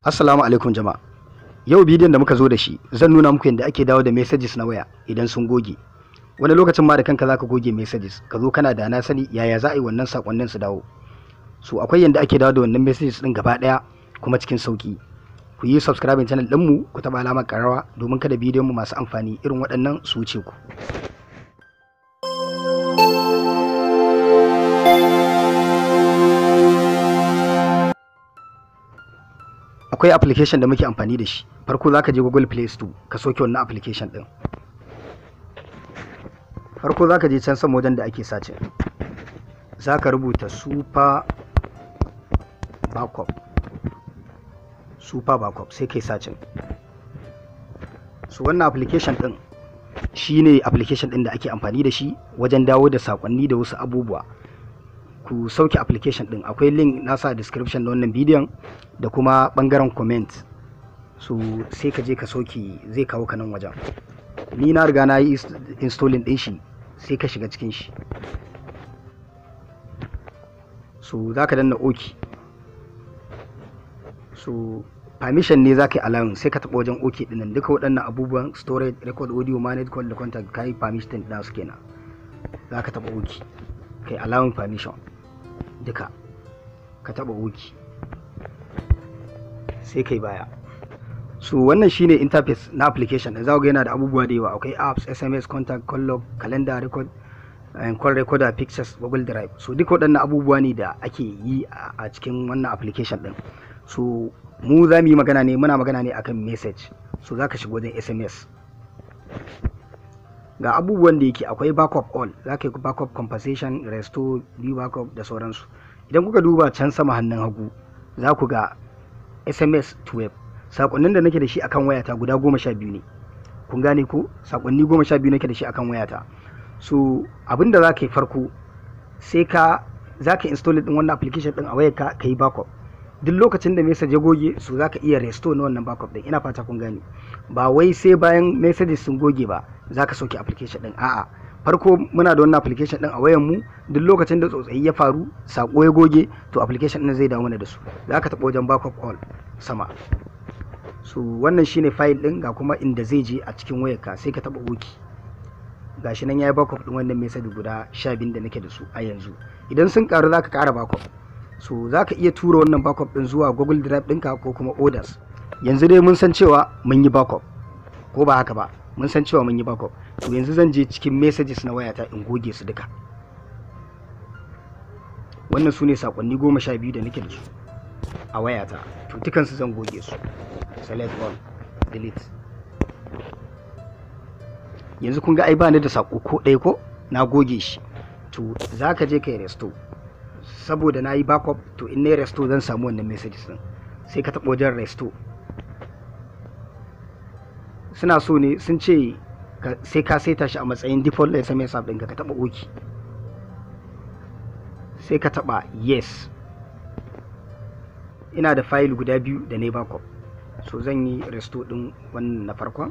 Assalamu alaikum jama'a. Yau bidiyon da muka zo da shi zan nuna muku yadda ake dawo da messages na waya idan sun goge. Wani lokacin ma da kanka zaka goge messages ka zo kana da na sani yaya za a yi wannan sakonnin su dawo. So akwai yadda ake dawo da wannan messages din gaba daya kuma cikin sauki. Ku yi subscribing channel ɗinmu ku taɓa alamar ƙarawa domin kada bidiyon mu masu amfani irin waɗannan su wuce ku. akwai application da muke amfani da shi farko za ka je google play store ka soke wannan application ɗin farko za ka je can sama wajen da ake sace za ka rubuta super backup super backup sai kai sace su wannan application ɗin shi ne application ɗin da ake amfani da shi wajen dawo da sakonni da wasu abubuwa ku sauke application din akwai link nasa description na wannan bidiyon da kuma bangaren comment so sai ka je ka sauke zai kawo ka nan wajen ni na riga na yi installing din shi sai ka shiga cikin shi so za ka danna oki so permission ne za ka yi allowing sai ka taɓa wajen oki ɗinnan duka waɗannan abubuwan storage record audio manage call da contact ka yi permission ɗin su kenan za ka taɓa oki kai allowing permission duka ka taba wuki sai kai baya so wannan shine interface na application da zaku ga yana da abubuwa da yawa akwai apps sms contact call log calendar record and eh, call recorder pictures google drive so duk waɗannan abubuwa ne da ake yi a cikin wannan application din so mu za mu yi magana ne muna magana ne akan message so za ka shiga wajen sms ga abubuwan da yake akwai backup all za ka yi backup compensation restore new backup da sauransu idan kuka duba can sama hannun hagu za ku ga sms to web sakonnin da nake da shi akan wayata guda goma sha biyu ne kun gane ko sakonni goma sha biyu nake da shi akan wayata so abinda za ka yi farko sai ka za ka install din wannan application din a wayarka ka yi backup duk lokacin da message ya goge su za ka iya restore na wannan backup din ina fata kun gane ba wai sai bayan messages sun goge ba za ka soke application ɗin a'a farko muna da wannan application ɗin a wayan mu duk lokacin da tsotsayi ya faru sako ya goge to application ɗin zai dawo mana da su za ka taɓa wajen backup all sama so wannan shine file ɗin ga kuma inda zai je a cikin wayar ka sai ka taɓa oki gashi nan yayi backup ɗin wannan message guda 12 da nake da su a yanzu idan sun karu za ka ƙara backup so za ka iya tura wannan backup ɗin zuwa google drive ɗinka ko kuma orders yanzu dai mun san cewa mun yi backup ko ba haka ba mun san cewa mun yi backup to yanzu zan je cikin messages na wayata in goge su duka wannan su ne sakonni goma sha biyu da nake da su a wayata to dukansu zan goge su select all delete yanzu kun ga ai bani da sako ko ɗaya ko na goge shi to za ka je ka yi resto saboda na yi backup to in na yi resto zan samu wannan messages din sai ka taɓa wajen resto suna so ne sun ce sai ka saita shi a matsayin default sms app sabbin ka taɓa oki sai ka taɓa yes ina da fayil guda biyu da ne backup so zan yi restore din wannan na farkon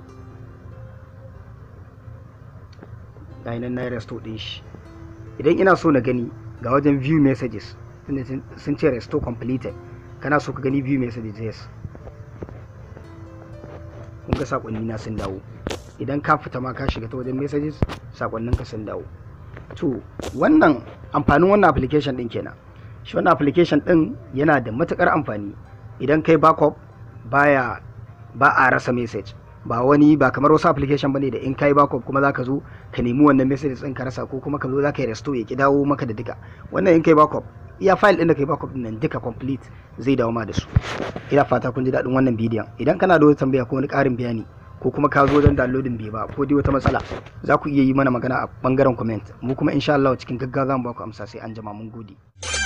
nan na restore din shi idan ina so na gani ga wajen view messages sun ce restore completed kana so ka gani view messages yes kun ga sakonni na sun dawo idan ka fita ma ka shiga ta wajen messages sakonnin ka sun dawo to wannan amfanin wannan application din kenan shi wannan application din yana da matukar amfani idan kai backup baya ba a rasa message ba wani ba kamar wasu application bane da in kai backup kuma zaka zo ka nemi wannan message din ka rasa ko kuma ka zo zaka yi restore ya ki dawo maka da duka wannan in kai backup iya fayil ɗin da kai backup ɗin nan duka complete zai dawo ma da su ina fata kun ji daɗin wannan bidiyon idan kana da wata tambaya ko wani ƙarin bayani ko kuma ka zo don downloading bai ba ko dai wata matsala za ku iya yi mana magana a bangaren comment mu kuma insha Allah cikin gaggawa za mu ba ku amsa sai an jima mun gode